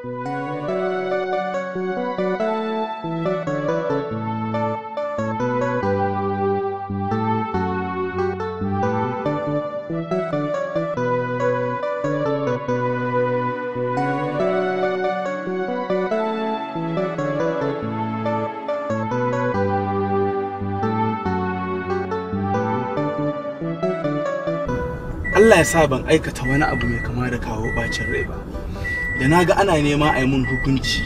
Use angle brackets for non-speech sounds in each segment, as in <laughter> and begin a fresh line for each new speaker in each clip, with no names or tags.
Allah ya sa ban aikata wani abu mai kama da kawo bacin rai ba da na ga ana nema a yi mun hukunci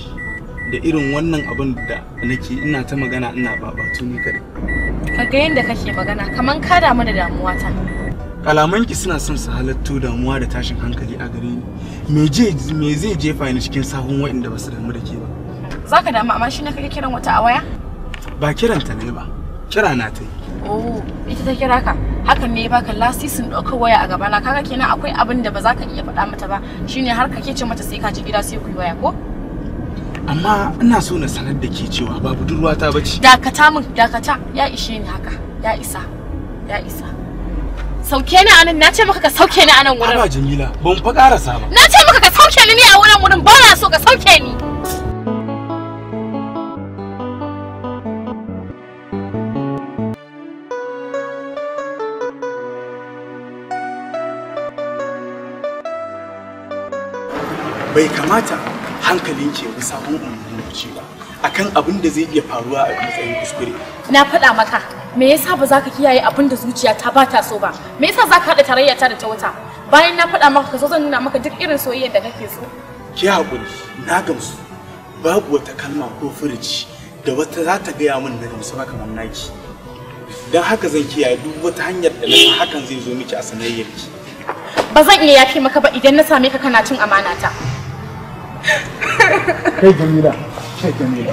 da irin wannan abin da nake ina ta magana ina babatu ni kaɗai.
ga yadda kake magana kaman ka damu da damuwa ta.
ki suna son su halatto damuwa da tashin hankali a gare ni. Me zai jefa ni cikin sahun waɗanda ba su damu da ke ba.
Za ka damu amma shi ne kake kiran wata a waya?
Ba kiranta ne ba, kira na ta yi.
Oh, ita ta kira ka? hakan ne baka lasisin ɗaukar waya a gabana kaga kenan akwai abin da ba za ka iya faɗa mata ba shine har kake ce mata sai ka je gida sai ku yi waya ko
amma ina so na sanar da ke cewa ba budurwa ba
ce dakata min dakata ya ishe ni haka ya isa ya isa sauke ni anan na ce maka ka sauke ni anan wurin ba jamila ban fa karasa ba na ce maka ka sauke ni ne a wurin wurin ba na so ka sauke ni
bai kamata hankalin ke bi sabon umarci ba akan abin da zai iya faruwa a
matsayin kuskure na faɗa maka me yasa ba za ka kiyaye abin da zuciya ta ba ta so ba me yasa za ka haɗa tarayya ta da ta wata bayan na faɗa maka ka zo zan nuna maka duk irin soyayyar da kake so
ki haƙuri na gamsu babu wata kalma ko furuci da wata za ta gaya min na gamsu ba kamar naki don haka zan kiyaye duk wata hanyar da na hakan zai zo miki a sanayyar ki
ba zan iya yafe maka ba idan na same ka kana cin amana ta
可以证明的，可以证明的。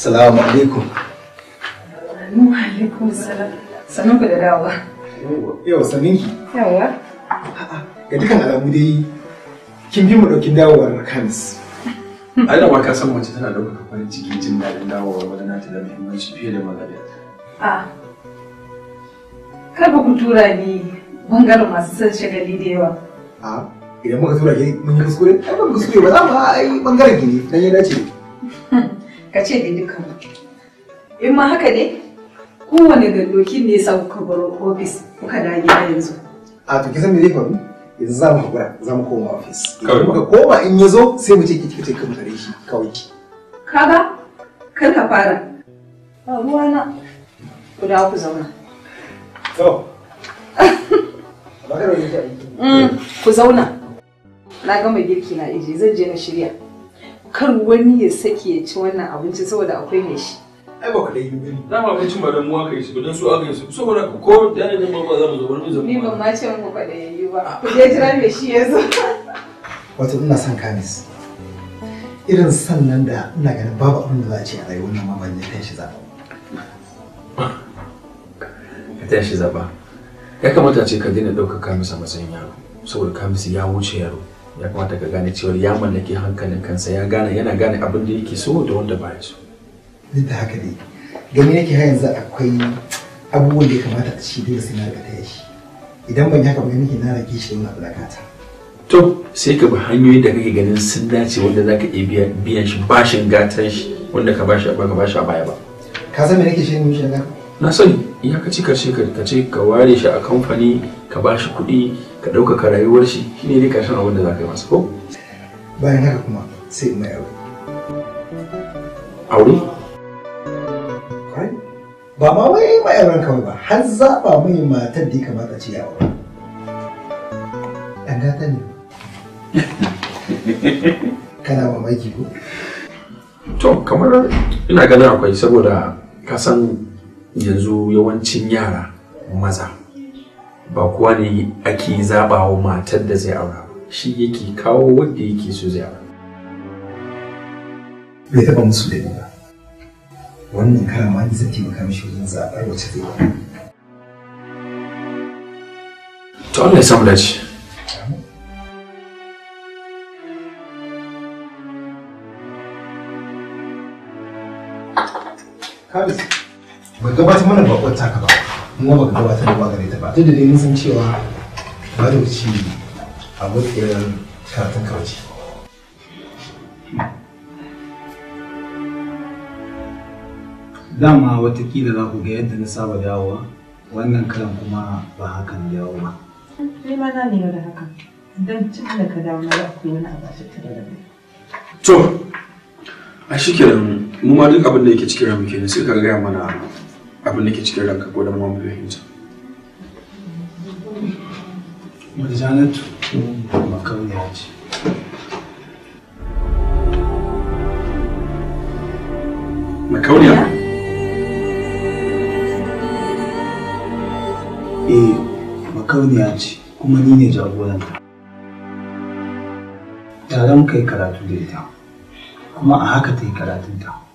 Salamu alaikum.
Mu alaikum salam. Sanin ku da dawowa. Yau sanin ki. Yawa.
Ga dukkan alamu dai kin bi mu daukin dawowar Makanis. Ai da waka san mace tana da
farin ciki jin daɗin dawowar wani nata da muhimmanci fiye da magana. A.
Kar ba ku tura ni bangaren masu son shagali da yawa. A
idan muka tura ki mun yi kuskure?
Ai ba mu kuskure ba za mu
ai bangaren ki ne dan ya dace.
<laughs> ka ce da dukkan in ma haka ne kowane gandoki ne ya sa kuka bar ofis kuka da a yanzu
a to kisan me zai faru yanzu za mu hakura za mu koma ofis kawai ba koma in ya zo sai mu ce ki kike kan tare shi kawai
kaga kar ka fara ba ruwa na ku da ku zauna to mm, ku zauna na gama girki na ije zan je na shirya kan wani ya sake ya ci wannan abinci saboda akwai mai shi
ai ba ka da yi gani na ma abincin ba don mu aka yi shi ba su aka yi su saboda ko da ne ba ba za mu zo wani zo. ni ban
ma ce mu ba da yayi ba ah. ku je jira mai shi ya zo
wato ina son kamis irin sannan da ina ganin babu abin da za a ce a rayuwar nan ma ban ne kan shi zaɓa
ka tashi zaɓa ya kamata ce ka daina ɗaukar kamisa matsayin yaro saboda kamis ya wuce yaro ya kamata ka gane cewar ya mallake hankalin kansa ya gane yana gane abin da yake so
da wanda baya so duk da haka dai gani nake har yanzu akwai abubuwan da ya kamata a ci dole sai na riga taya shi idan ban haka ba nake na rage shi wannan alakata
to sai ka bi hanyoyin da kake ganin sun dace wanda zaka iya biyan shi bashin gatan shi wanda ka bashi ba ka bashi a baya ba
ka san me nake shi shi
na sani in ka ci karshe ka ce ka ware shi a kamfani ka bashi kuɗi ka ɗaukaka rayuwar shi shine ne kashin abin da za ka yi masa ko bayan haka kuma sai mai aure aure
ba ma wai mai auren kawai ba har zaɓa mai matar da ya kamata ce ya aure ɗan gata ne
<laughs>
kana mamaki
ko to kamar ina ganin akwai saboda kasan yanzu yawancin yara maza ba kuwa ne ake zaɓa wa matar da zai aura shi yake kawo wanda yake so zai aura bai taɓa
musu da ba wannan karama ne zai taimaka mishi wajen zaɓar wacce zai aura
to Allah ya samu dace
Kabis, bai gabatar mana bakwai taka ba. kuma baka gabatar da gare ta ba duk da dai san cewa ba da madauci abokiyar karatun kauci dama watakila za ku ga yadda na saba dawowa wannan karan kuma ba hakan dawo ba
ni ma na nemi da haka don cikin da ka dawo na za ku wani abu a tattara da kai
to a shi kenan mu ma duk abin da yake cikin ramu kenan sai ka gaya mana abin da ke cikin ranka ko da mu fahimta Marjanatu makauniya ce makauniya eh makauniya ce kuma ni ne jagoranta
taron kai karatu da ita kuma a haka ta yi karatunta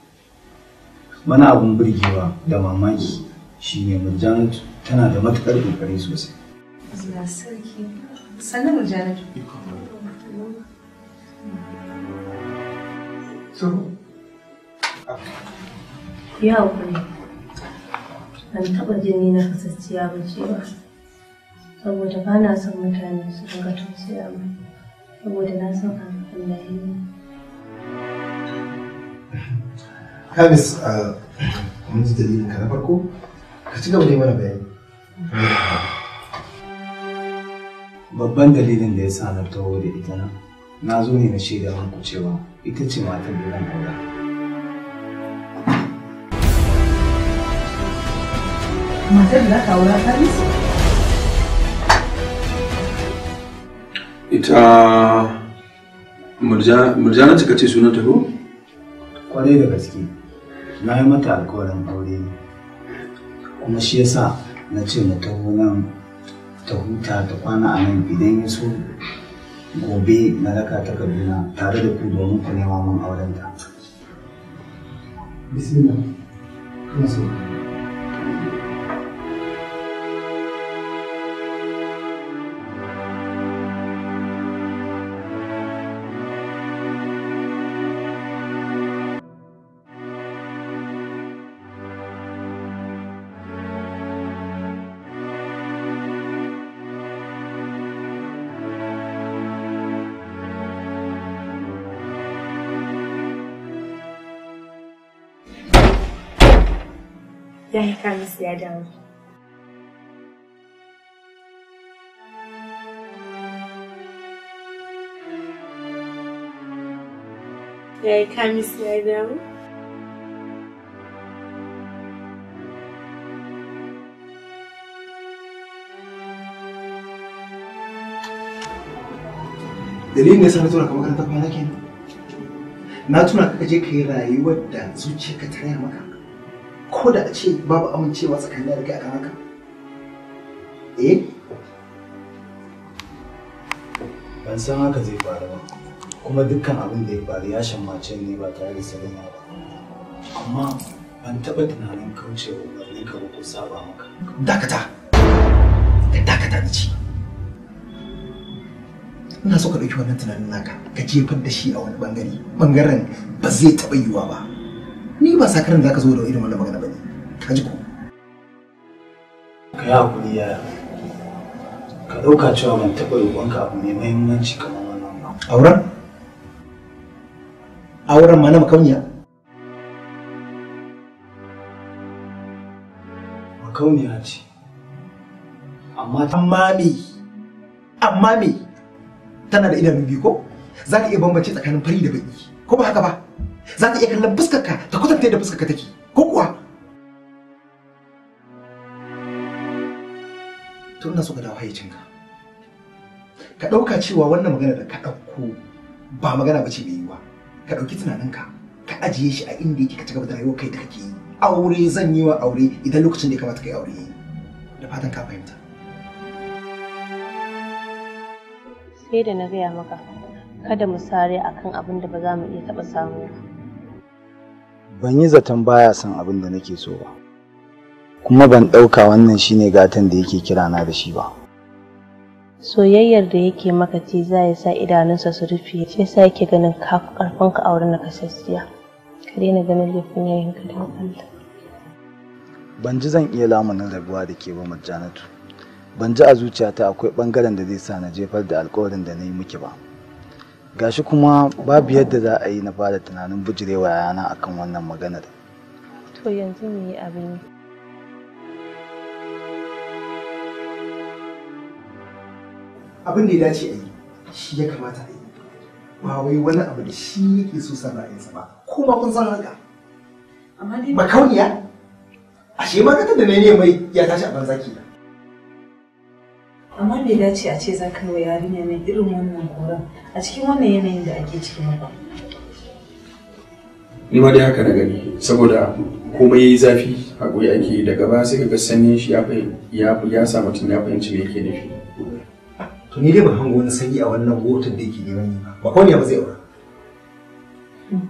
wani abun birgewa da mamaki shi shine murjanatu tana da matukar kokari sosai
sannan murjanatu so
ya hukuri ban taɓa jini na kasasciya ba ce ba saboda ba na son mutane su dinga tausaya ba saboda na son san Allah ne
Hamis a mun ji dalilin ka na farko ka ci gaba da mana bayani. Babban dalilin da ya sa na taho da ita nan na zo ne na shaida muku cewa ita ce matan da zan aura.
matar da ta ka aura ta
Ita Murjana cika ce sunanta ko?
Kwarai da gaske. na yi mata alkawarin aure kuma shi yasa na ce na taho nan ta huta ta kwana a nan idan ya so gobe na raka ta kaduna tare da ku domin ku nema mun aurenta. Bismillah. Ina so.
Idol.
Ya yi kamis ya dawo?
dalilin da na tura ka
makaranta kwana kenan na tura ka je ka yi rayuwar da zuciyarka ta raya maka ko da a ce babu amincewa tsakanin da kai akan haka eh ban san haka zai faru ba kuma dukkan abin da ya faru ya shammace ne ba tare da sanin ba amma ban taɓa tunanin kaucewa umarnin ka ba ko saba maka dakata ka dakata da ci ina so ka ɗauki wannan tunanin naka ka jefar da shi a wani bangare bangaren ba zai taɓa yiwuwa ba ni ba sakarin da ka zo da irin wannan magana bane ka ji ko
ka yi hakuri ya ka ɗauka cewa ban taɓa ka abu mai mahimmanci
kamar wannan ba auren auren ma na makauniya makauniya ce amma ta mami amma me tana da idanu biyu ko za ka iya bambance tsakanin fari da baki ko ba haka ba za ta iya kallon fuskarka ta kwatanta da fuskarka take ko kuwa to ina so ka dawo hayyacinka ka ɗauka cewa wannan magana da ka ɗauko ba magana ba ce mai yiwuwa ka ɗauki tunaninka ka ajiye shi a inda yake ka gaba da rayuwar kai da kake yi aure zan yi wa aure idan lokacin da ya kamata ka yi aure da fatan ka fahimta
sai da na gaya maka kada mu sare akan abin da ba za mu iya taɓa samu ba
ban yi zaton baya son abin da nake so ba kuma ban ɗauka wannan shine gatan da yake kirana da shi ba
soyayyar da yake maka ce za ya sa idanunsa su rufe shi yasa yake ganin karfin ka auren na kasassiya ka daina ganin laifin yayin ka da Allah
ban ji zan iya lamunin rabuwa da ke ba majjanatu ban ji a zuciyata akwai bangaren da zai sa na jefar da alkawarin da na yi miki ba gashi kuma babu yadda za a yi na bada tunanin bijirewa yana akan wannan maganar
to yanzu mu yi abin
abin da ya dace a yi shi ya kamata a yi ba wai wani abu da shi yake so sa ra'ayinsa ba kuma kun san haka
ba kauniya
ashe magatar da na ne mai ya tashi a banza
kenan amma bai dace a ce za ka wa yarinya mai irin wannan koran a cikin wannan yanayin da ake ciki ba.
Ni ma dai haka na gani saboda komai yayi zafi hakuri ake daga baya sai ga sanyin shi ya ya ya sa mutum ya fahimci me yake nufi. To ni dai ban hango wani sanyi a wannan
motar da yake neman yi ba ko ne ba zai aura. Hmm.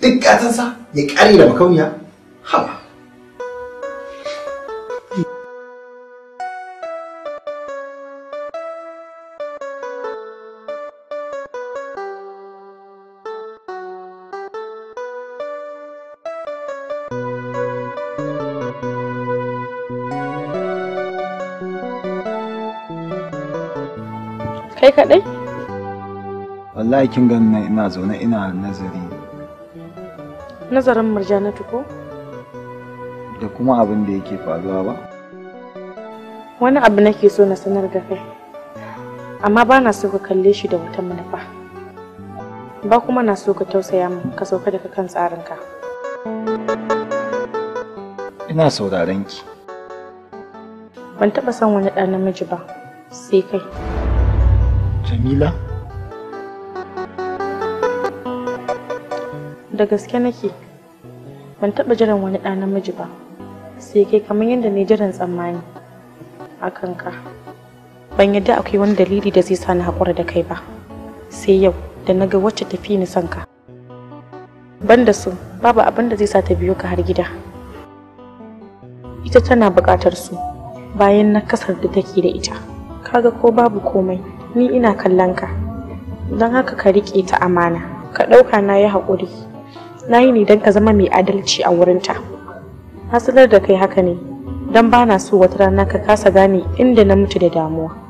Duk katansa ya kare da makauniya haba. kaɗai? Wallahi kin ganin ina zaune ina nazari.
Nazarin murjanatu ko?
Da kuma abin da yake faruwa ba.
Wani abu nake so na sanar da kai. Amma ba na so ka kalle shi da wata manufa. Ba kuma na so ka tausaya min ka sauka daga kan tsarinka.
Ina sauraron ki.
Ban taɓa son wani ɗan namiji ba, sai kai. Jamila? Da gaske nake, ban taɓa jiran wani ɗa namiji ba, sai kai kamar yadda ne jiran tsammani a kanka. Ban yadda akwai wani dalili da zai sa ni haƙura da kai ba, sai yau da na ga wacce tafi ni son ka. Ban da su, babu abin da zai sa ta biyo ka har gida. Ita tana buƙatar su bayan na kasar da take da ita, kaga ko babu komai. ni ina kallon ka don haka ka riƙe ta amana ka ɗauka na yi haƙuri na yi ne don ka zama mai adalci a wurin ta. hasalar da kai haka ne don ba na so wata rana ka kasa gane inda na mutu da damuwa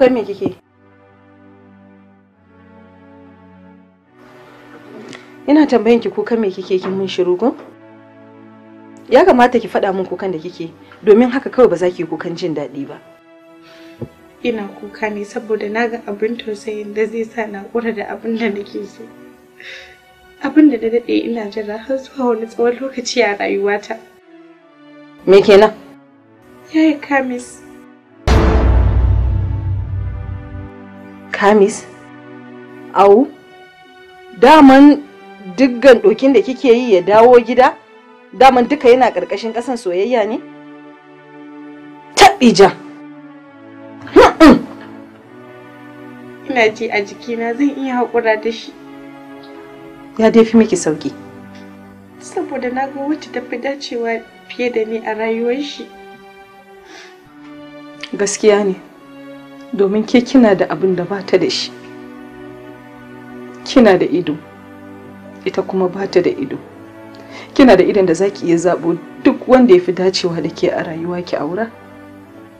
kai me kike? Ina tambayan ki kukan me kike kin mun shiru ko? Ya kamata ki faɗa min kukan da kike domin haka kawai ba za ki kukan jin daɗi ba.
Ina kuka ne saboda na ga abin tausayin da zai sa na ƙura da abin da nake so. Abin da na daɗe ina jira har zuwa wani tsawon lokaci a rayuwata. Me kenan? Yaya
Kamis, Kamis? Au, daman dukkan dokin da kike yi ya dawo gida? Daman duka yana ƙarƙashin ƙasan soyayya ne? Taɓija! Ina ji a
jikina zan iya haƙura da shi.
Ya dai fi miki sauki.
Saboda na ga wacce ta fi dacewa fiye da ni a rayuwar shi.
Gaskiya ne. domin ke kina da abin da bata da shi kina da ido ita kuma bata da ido kina da idan da zaki iya zabo duk wanda ya fi dacewa da ke a rayuwa ki aura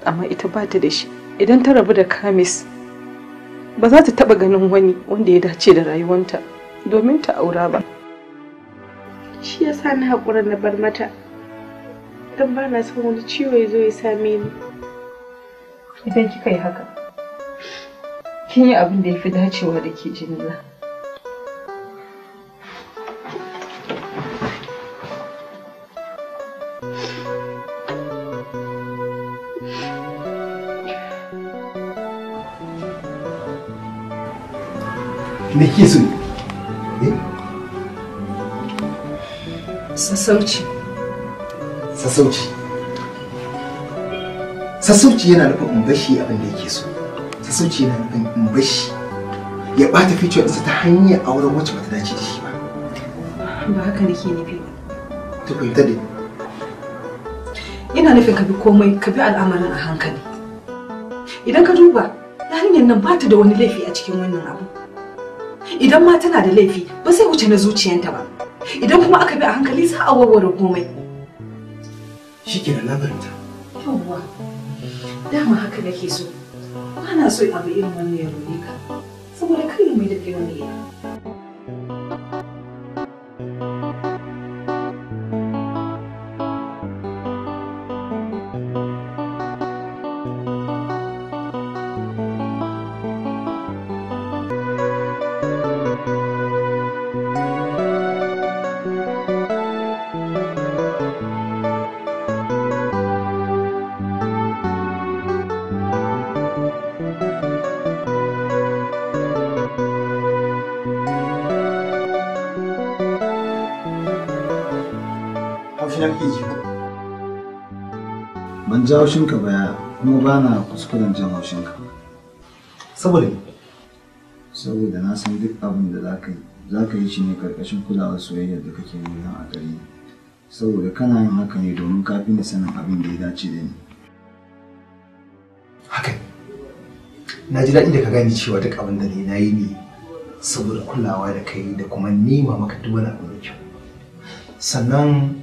amma ita bata da shi idan ta rabu da kamis ba za ta taba ganin wani wanda ya dace da rayuwanta domin ta aura ba
shi yasa na haƙura na bar mata don ba na son wani ciwo ya zo ya same
ni idan kika yi haka kin yi abin da ya fi dacewa da ke jamila
me ke so eh? sassauci sassauci sassauci yana nufin in bashi abin da yake so kusanci na in bashi ya ɓata future ɗinsa ta hanyar auren wacce bata dace da shi ba.
Ba haka nake nufi ba. Ta fahimta da Ina nufin ka bi komai ka bi al'amarin a hankali. Idan ka duba yarinyar nan ba ta da wani laifi a cikin wannan abu. Idan ma tana da laifi ba sai wuce na zuciyanta ba. Idan kuma aka bi a hankali za a warware komai.
Shi ke da labarinta.
Yawwa, dama haka nake so. ba so abu irin wannan ya roƙe ka saboda kai mai da kai wani
jaushinka baya kuma ba na kuskuren jan haushinka saboda saboda na san duk abin da za ka yi za ka yi shi ne karkashin kulawar soyayyar da kake nuna a gare ni saboda kana yin haka ne domin ka fi sanin abin da ya dace da ni haka na ji daɗi da ka gane cewa duk abin da na yi ne saboda kulawa da kai da kuma nema maka duk wani abu da kyau sannan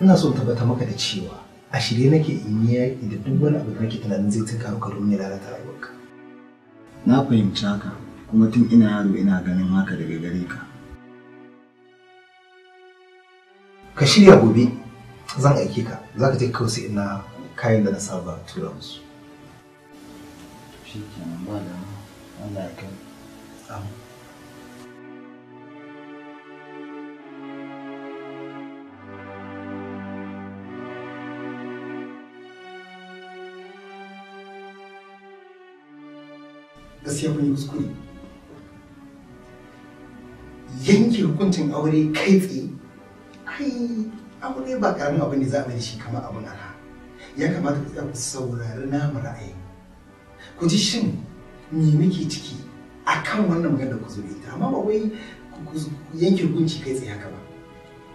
ina so in tabbata maka da cewa a shirye nake in yi yaƙi da duk wani abu da nake tunanin zai tunkaro ka domin ya lalata rayuwarka na fahimci haka kuma tun ina yaro ina ganin haka daga gare ka ka shirya gobe zan aike ka za ka je kawai sai ina kayan da na saba tura musu shi kenan ba da Allah ya kai sai kun kuskure yanke hukuncin aure kai tsaye ai aure ba karamin abin ne za a shi kamar abun arha ya kamata ku tsaya ku saurari namu ra'ayi ku ji shin me muke ciki akan wannan magana ku zo da ita amma ba wai ku yanke hukunci kai tsaye haka ba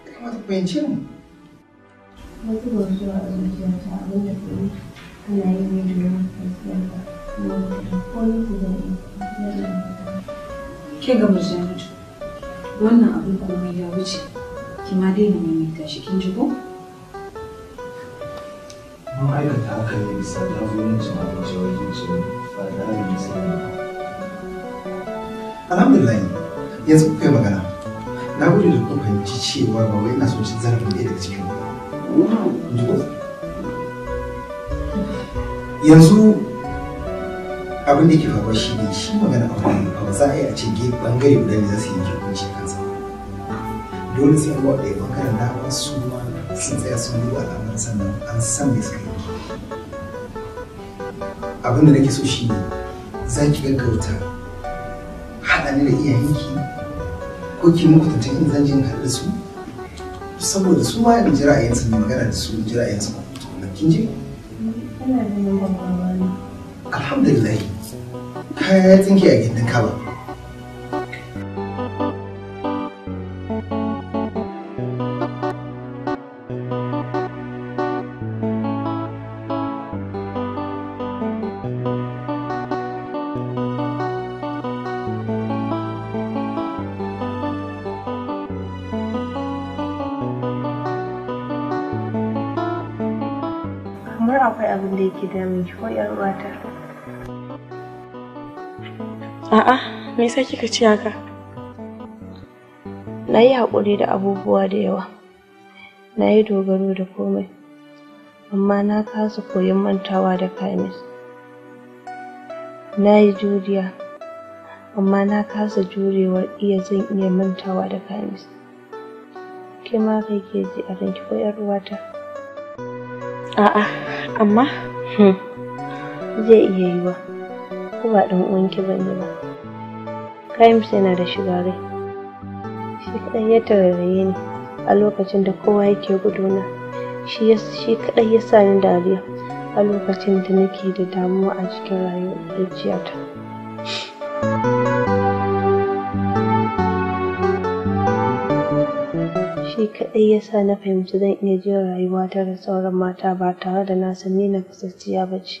ya kamata ku fahimce mu wasu gwazuwa a zuciyarta abin da
kuma ana yi ne domin kwanciyar ba Ke ga Mujahid, wannan abin komai ya wuce, ki ma daina maimaita shi kin ji ko?
Mun aikata haka ne bisa jagorancin abinci wajen su ba da abin sani ba. Alhamdulillah, yanzu kuka yi magana. Na gode da kuka fahimci cewa ba wai ina so cin zarafin ɗaya daga cikin ba. Yanzu abin da ke faruwa shi ne shi magana aure ba abu za a yi a cikin bangare guda ne za su yi kan kansa dole sai an waɗa bangare na su ma sun tsaya sun yi wa al'amar sannan an san mai suka yi abin da nake so shi ne za ki gaggauta haɗa ni da iyayenki ko ki muku tantan in zan je in haɗa su saboda su ma in ji ra'ayinsu ne magana da su in ji ra'ayinsu ba kin je? Alhamdulillah. kaya ya tsinke a gindin kaba
kamar akwai abin da yake damun ki ko 'yar uwata A'a, me
yasa kika ce haka?
Na yi haƙuri da abubuwa da yawa. Na yi dogaro da komai. Amma na kasa koyon mantawa da kamis. Na yi juriya. Amma na kasa jurewar iya zan iya mantawa da kamis. Ke ma kai ke ji a ranki ko ‘yar ta? A'a, amma hmm, zai iya yiwa. ko ba ɗan uwanki ba ne ba kayan yana da shiga rai shi kaɗai ya tarairaye ni a lokacin da kowa yake guduna shi kaɗai ya sa ni dariya a lokacin da nake da damuwa a cikin rayuwar zuciyata. Shi kaɗai ya sa na fahimci zan iya jin rayuwa ta da sauran mata ba tare da na san ni na kasasciya ba ce.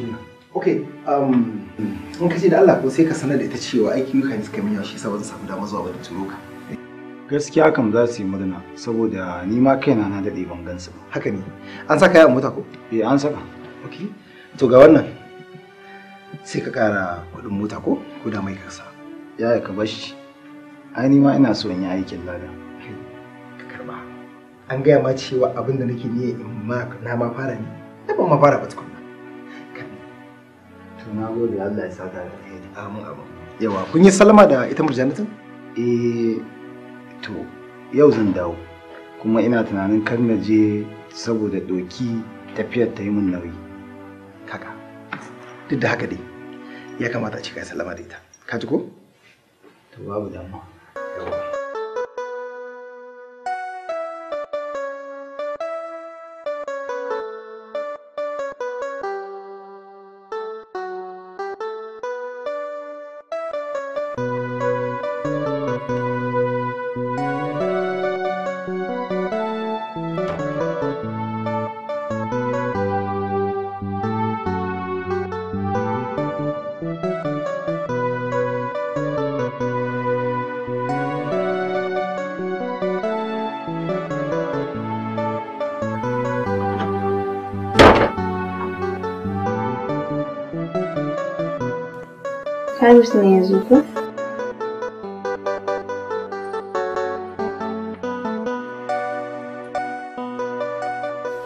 ok um, in ka ce da Allah ko sai ka sanar da ita cewa aiki yuka ne suka min yawa shi yasa ba zan samu dama zuwa ba da turo ka gaskiya kam za su yi murna saboda ni ma kaina na daɗe ban gansu ba haka ne an saka ya mota ko eh an saka ok to ga wannan sai ka ƙara kuɗin mota ko ko da mai kasa yaya ka bashi ai ni ma ina so in yi aikin lada ka karba an gaya ma cewa abin da nake niyya in ma na ma fara ne ban ma fara ba na gode Allah ya saka da kai amin amin yawa kun yi salama da ita murjanatin eh to yau zan dawo kuma ina tunanin kar na je saboda doki tafiyar ta yi min nauyi kaka duk da haka dai ya kamata a cika salama da ita ka ji ko to babu damuwa yawa
zo зубы.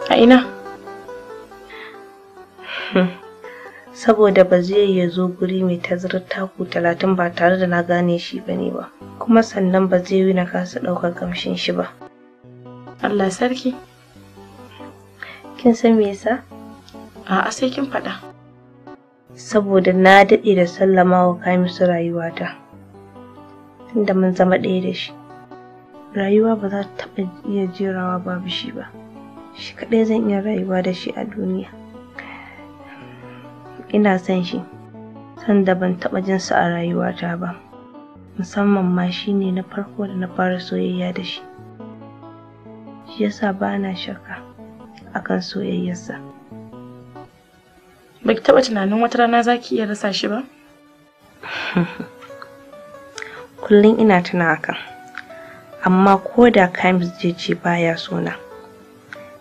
A ina? Saboda ba zai ya zo guri mai tazarar taku talatin ba tare da na gane shi ba ne ba, kuma sannan ba zai yi na kasa ɗaukar kamshin shi ba. Allah sarki. Kin san me yasa? A'a sai kin faɗa. saboda na daɗe da sallama wa kamisu rayuwata tunda mun zama ɗaya da shi rayuwa ba za ta taɓa iya jerawa babu shi ba shi kaɗai zan iya rayuwa da shi a duniya ina son shi sanda ban taɓa jin sa a rayuwata ba musamman ma shi ne na farko da na fara soyayya da
shi shi yasa ba na shakka akan soyayyarsa Baki taɓa tunanin wata rana za ki iya rasa shi ba?
<laughs> Kullum ina tuna hakan. Amma ko da Kamis jeji baya sona,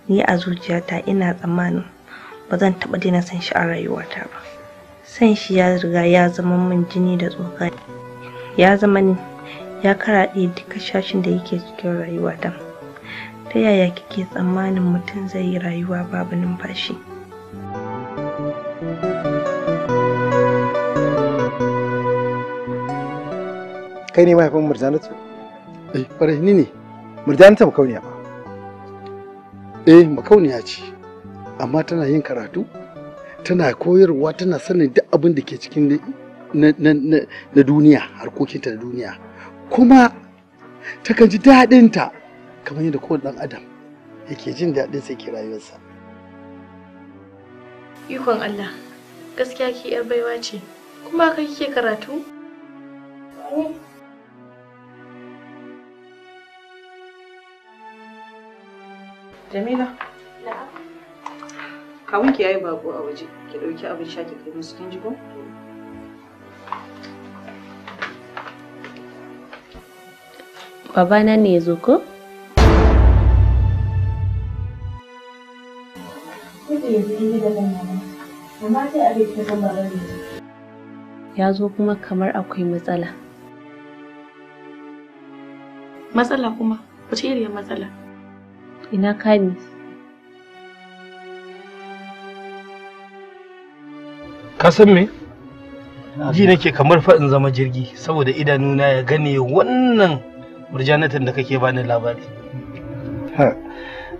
ni a zuciyata ina tsammanin ba zan taɓa daina san shi a rayuwata ba. San shi ya riga ya zama min jini da tsoka. Ya zama ni ya karaɗe duka shashin da yake cikin rayuwata. Ta yaya kike tsammanin mutum zai yi rayuwa babu numfashi?
kai ne mahaifin murjanatu eh kwarai ni ne murjanatu makauniya ba eh makauniya ce amma tana yin karatu tana koyarwa tana sanin duk abin da ke cikin na duniya harkokinta na duniya kuma takan ji daɗinta kamar yadda kowane ɗan adam yake jin daɗin sai ke rayuwarsa
ikon Allah gaskiya ki yar baiwa ce kuma kai kike
karatu Jamila. Kawun ki yayi babu a waje. Ki dauki abin sha ki kai musu kin ji ko?
Baba nan ne zo ko? Ya zo kuma kamar akwai matsala.
Matsala kuma? Wace iriyar matsala? ina Kamis?
Ka san me? Ji nake kamar fa in zama jirgi saboda idanuna ya gane wannan murjanatan da kake bani labari.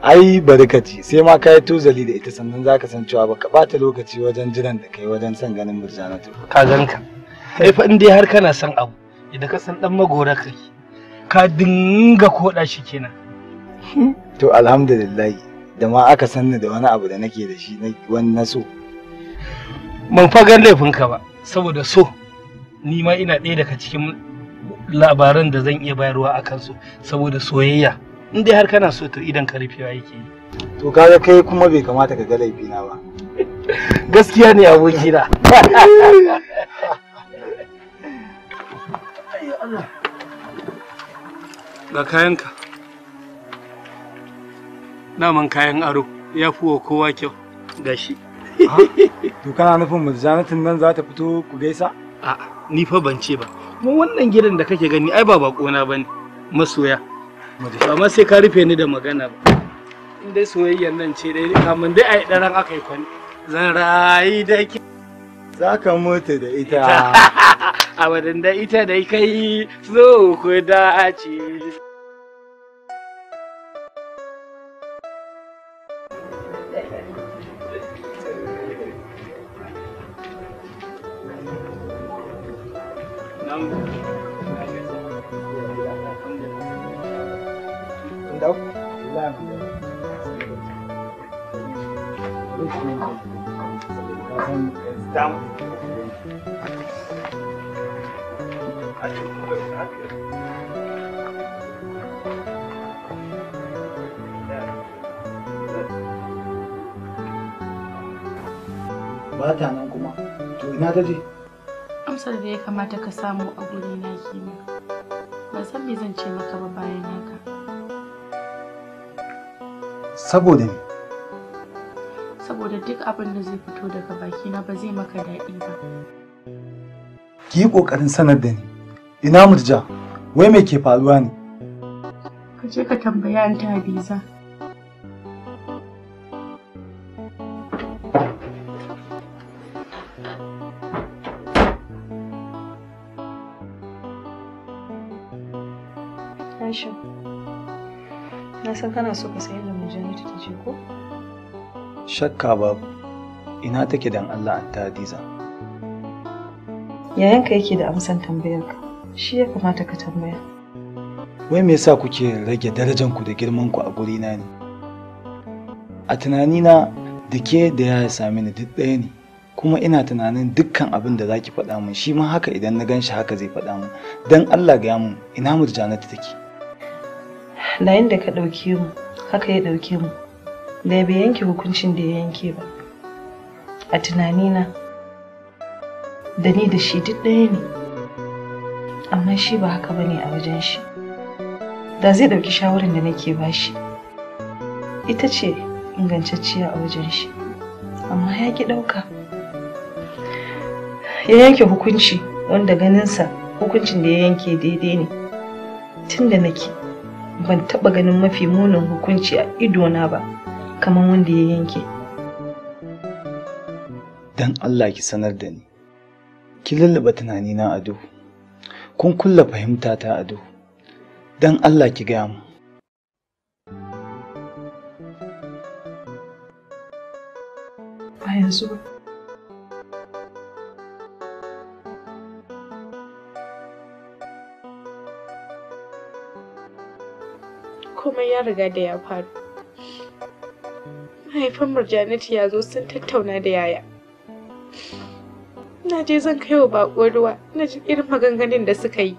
Ai barkaci sai ma ka yi tuzali da ita sannan za ka san cewa ba ka ɓata lokaci wajen jiran da kai wajen son ganin murjanatu. Ka ganka.
Kai fa in dai har kana son abu idan ka san dan magora kai ka dinga koda shi kenan.
Hmm? to alhamdulillahi da ma aka sanni da wani abu da nake da shi wani na so
ban laifin laifinka ba saboda so ni ma ina ɗaya daga cikin labaran da zan iya bayarwa a kansu saboda soyayya in dai har kana so to idan ka rufewa yake yi
to kaga kai kuma bai kamata ka ga
laifina ba
<laughs> gaskiya ne abokina ga kayanka naman kayan aro ya fi wa kowa kyau ga shi ah, to kana nufin mujanatin nan za ta fito ku gaisa a'a ni fa ban ce ba kuma wannan gidan da kake gani ai ba bakona bane masoya amma sai ka rufe ni da magana ba in dai soyayyar nan ce dai kamun dai ai daren aka yi kwani zan rayu da ki za ka mutu da ita a <laughs> wadanda ita da kai zo ku dace
Ba ta
nan kuma, to ina ta je?
Amsar da ya kamata ka samu a guri na kenan. Ban san me zan ce maka ba bayan haka.
Saboda ne.
duk abin da zai fito daga baki na ba zai maka daɗi ba.
Ki yi ƙoƙarin sanar da ni. Ina murja, wai me ke faruwa ne?
Ka je ka tambaya an ta biza.
na san kana so ka sayar da murjani ta ce ko?
Shakka babu, ina take dan Allah an ta Hadiza.
Yayanka yake da amsan tambayarka, shi ya kamata ka tambaya.
Wai me yasa kuke rage darajanku da girmanku a gurina ne? A tunanina da ke da ya sami ni duk ɗaya ne, kuma ina tunanin dukkan abin da za ki faɗa min shi ma haka idan na gan shi haka zai faɗa min don Allah ga mun ina ta take.
Layin da ka ɗauke mu, haka ya ɗauke mu. da bai yanke hukuncin da ya yanke ba a tunanina da ni da shi duk ɗaya ne amma shi ba haka ba ne a wajen shi da zai ɗauki shawarar da nake ba shi ita ce ingantacciya a wajen shi amma ya ki ɗauka ya yanke hukunci wanda ganinsa hukuncin da ya yanke daidai ne Tunda da nake ban taɓa ganin mafi munin hukunci a idona ba kamar wanda ya yanke
don allah ki sanar da ni ki lullaba tunani na ado, kun kulla fahimta ta ado, dan allah ki gaya mu
ba yanzu
komai ya riga da ya faru mahaifin Murjanatu ya zo sun tattauna da yaya. Na je zan kai wa bako ruwa, na ji irin maganganun da suka yi.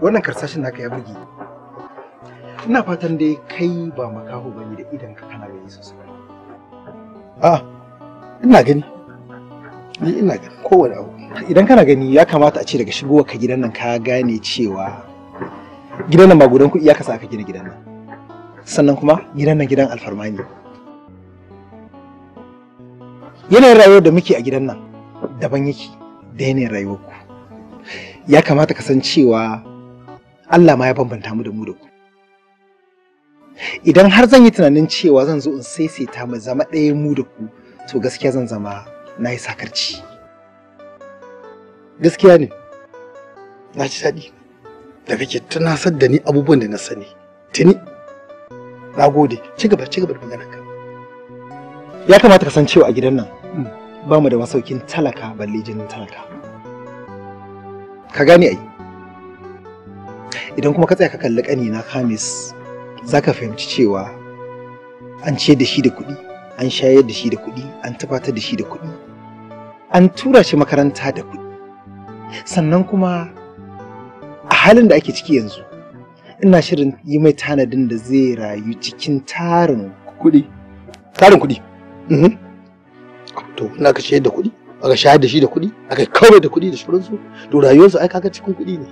Wannan karsashin naka ya burge. Ina fatan dai kai ba makaho bane da idan ka kana gani sosai. Ah, ina gani. Ni ina gani kowane abu. Idan kana gani ya kamata a ce daga shigowa ka gidan nan ka gane cewa gidan nan ba gudan kuɗi ya kasa aka gina gidan nan sannan kuma gidan nan gidan alfarma ne yanayin rayuwar da muke a gidan nan daban yake da yanayin rayuwar ku ya kamata ka san cewa Allah ma ya bambanta mu da mu da ku idan har zan yi tunanin cewa zan zo in saisaita mu zama ɗaya mu da ku to gaskiya zan zama na yi sakarci gaskiya ne na ci daɗi da kake tunasar da ni abubuwan da na sani tuni na gode ci gaba ci gaba da maganarka. ya kamata ka san cewa a gidan nan hmm. ba mu da masaukin talaka balle jinin talaka ka gane ai idan kuma ka tsaya ka kalli ƙani na kamis za ka fahimci cewa an ce da shi da kuɗi an shayar da shi da kuɗi an tabbatar da shi da kuɗi an tura shi makaranta da kuɗi sannan kuma a halin da ake ciki yanzu ina shirin yi mai tanadin da zai rayu cikin tarin kuɗi tarin kuɗi mhm. to ina ka shayar da kuɗi aka shayar da shi da kuɗi aka kawai da kuɗi da shuransu to rayuwarsa ai kaga cikin kuɗi ne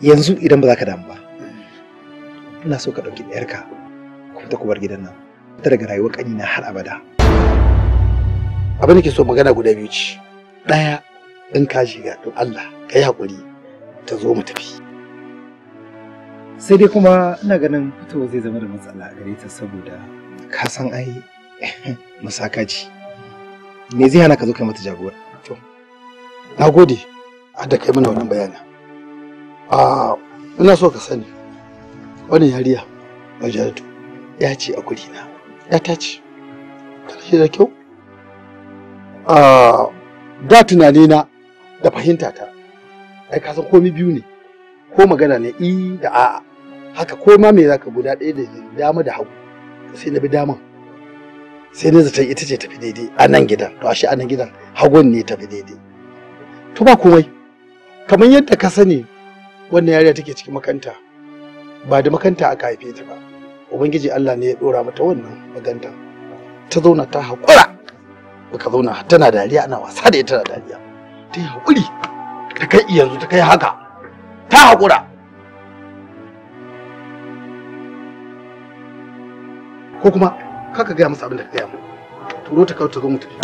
yanzu idan ba za ka damu ba ina so ka ɗauki ɗayarka ku ta kubar gidan nan ta daga rayuwar ƙanina har abada abin da ke so magana guda biyu ce ɗaya in ka shiga to Allah ka yi haƙuri ta zo mu tafi sai dai kuma ina ganin fitowa zai zama da matsala a gare ta saboda ka san ai <laughs> musaka me zai hana ka zo kai mata jagora to na gode a da kai mana wannan bayana. a ah, ina so ka sani wannan yariya majalatu ya ce a guri na ya ta ce da kyau a ah, da na da fahimta ta ai ka san komai biyu ne ko magana ne i da a'a haka ko ma me zaka guda ɗaya da dama da hagu sai na bi daman sai na zata ita ce tafi daidai a nan gidan to ashe a nan gidan hagun ne tafi daidai to ba komai kamar yadda ka sani wannan yariya take cikin makanta ba da makanta aka haife ta ba ubangiji Allah ne ya dora mata wannan maganta ta zauna ta haƙura baka zauna tana dariya ana wasa da ita tana dariya ta yi haƙuri ta kai yanzu ta kai haka ta haƙura ko kuma kaka gaya masa abin da ka gaya turo ta ta zo mu tafi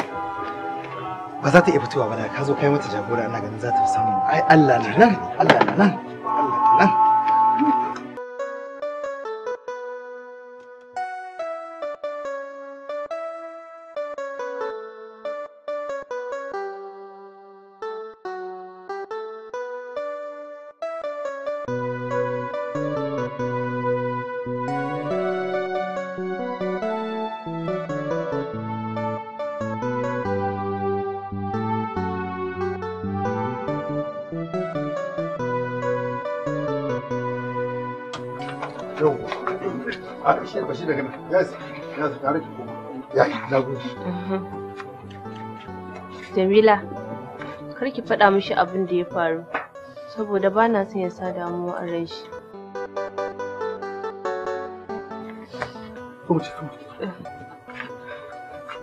ba za ta iya fitowa ba da ka zo kai mata jagora ina ganin za ta samu ai Allah na nan Allah na nan Mhm.
Jamila kar ki faɗa mishi abin da ya faru saboda ba na son ya sa damuwa a ran shi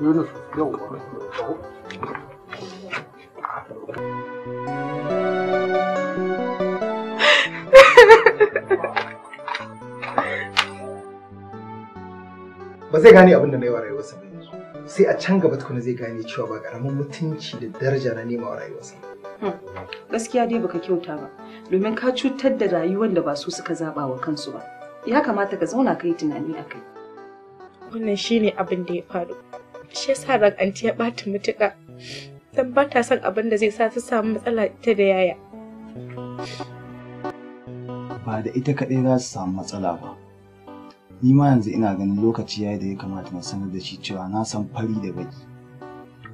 Yunus,
yau. ba zai gane abin da na yi wa rayuwarsa ba sai a can gaba tukuna zai gane cewa ba karamin mutunci da daraja na nema wa rayuwarsa
hmm, gaskiya dai baka kyauta ba domin ka cutar da rayuwar da ba su suka zaba wa kansu ba ya kamata ka zauna ka yi tunani a kai wannan shine abin da ya faru shi yasa anti ya
bata mutuka dan ba ta son abin da zai sa su samu matsala ita da yaya
ba da ita kaɗai za su samu matsala ba ni ma yanzu ina ganin lokaci yayi da ya kamata na sanar da shi cewa na san fari da baki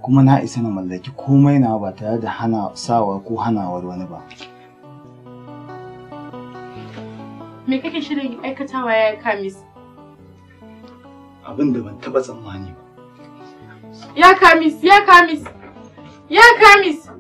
kuma na isa na mallaki komai na ba tare da hana sawa ko hanawar wani ba
me kake shirin aikatawa ya kamis
abin da ban taba tsammani ba
ya kamis ya kamis ya kamis